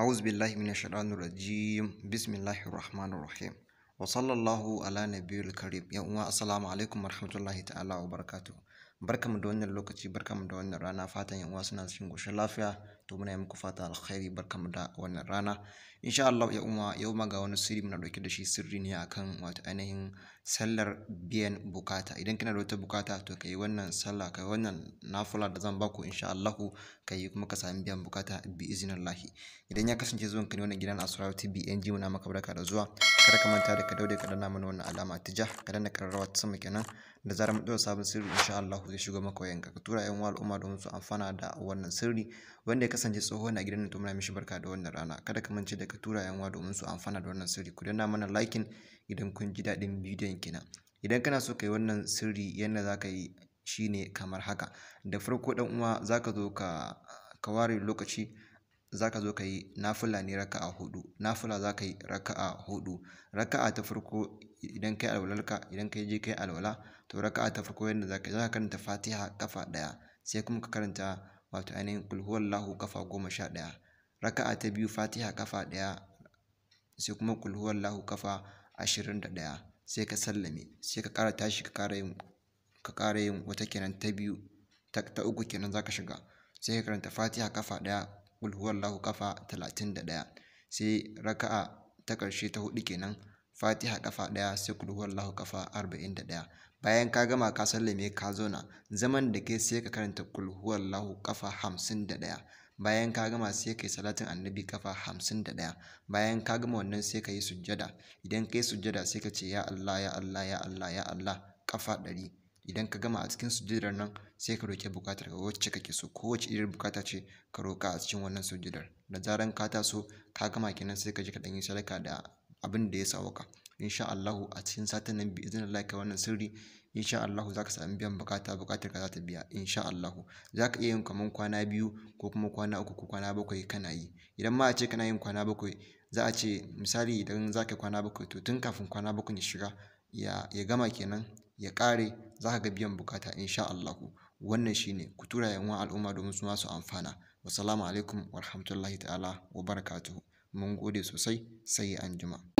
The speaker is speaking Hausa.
أعوذ بالله من الشيطان الرجيم بسم الله الرحمن الرحيم وصلى الله على نبي الكريم يا أمة السلام عليكم ورحمة الله تعالى وبركاته barkamu da wannan lokaci mu da wannan rana fatan yan uwa suna cikin goshin lafiya to muna yi muku fata alkhairi barkamu da wannan rana insha Allah ya yau ma ga wani sirri muna dauke da shi sirri ne akan wato ainihin sallar biyan bukata idan kana da wata bukata to kai wannan sallah kai wannan nafula da zan baku insha Allahu kai kuma ka sami biyan bukata bi iznillahi idan ya kasance zuwan ka ne wannan gidan Asrar TV NG muna maka barka da zuwa kada ka manta da ka daure ka danna mana wannan alama tija ka danna karrawa ta sama kenan da zarar mun dora sabon sirri insha Allahu zai shigo maka wayanka ka tura yan al'umma domin su amfana da wannan sirri wanda ya kasance tsoho na gidan to muna mishi barka da wannan rana kada ka mance da ka tura yan uwa domin su amfana da wannan sirri ku danna mana liking idan kun ji daɗin bidiyon kenan idan kana so ka yi wannan sirri yadda za ka yi shi ne kamar haka da farko ɗan uwa za ka zo ka ware lokaci za ka zo ka yi nafula ne raka'a hudu nafula za ka yi hudu raka a ta farko idan ka yi alwalarka idan ka je ka yi alwala to raka'a ta farko yadda za ka yi za ka karanta fatiha kafa ɗaya sai kuma ka karanta wato ainihin kulhuwar lahu kafa goma sha ɗaya a ta biyu fatiha kafa ɗaya sai kuma kulhuwar lahu kafa ashirin da ɗaya sai ka sallame sai ka ƙara tashi ka ƙara yin ka ƙara yin wata kenan ta biyu ta, ta uku kenan za ka shiga sai ka karanta fatiha kafa ɗaya kul huwallahu kafa talatin da ɗaya sai raka'a ta ƙarshe ta huɗu kenan fatiha kafa ɗaya sai kul huwallahu kafa arba'in da ɗaya bayan ka gama ka sallame ka zauna zaman da kai sai ka karanta kul huwallahu kafa hamsin da ɗaya bayan ka gama sai ka yi salatin annabi kafa hamsin da ɗaya bayan ka gama wannan sai ka yi sujjada idan ka yi sujjada sai ka ce ya Allah ya Allah ya Allah ya Allah kafa ɗari idan ka gama a cikin sujjadar nan sai ka roƙi buƙatar ka wacce kake so kowace irin bukata ce ka roka a cikin wannan sujjadar da zaran ka taso ka gama kenan sai ka je ka ɗan yi sadaka da abin da ya sauka insha Allahu a cikin satin nan bi idan Allah ka wannan sirri insha Allahu zaka samu biyan bukata bukatar ka za ta biya insha Allahu zaka iya yin kaman kwana biyu ko kuma kwana uku ko kwana bakwai kana yi idan ma a ce kana yin kwana bakwai za a ce misali idan zaka kwana bakwai to tun kafin kwana bakwai ya shiga ya ya gama kenan ya kare zaka ga biyan bukata insha Allahu wannan shine ku tura yan al'umma domin su ma su amfana wasalamu alaikum warahmatullahi ta'ala wa barakatuhu mun gode sosai sai anjima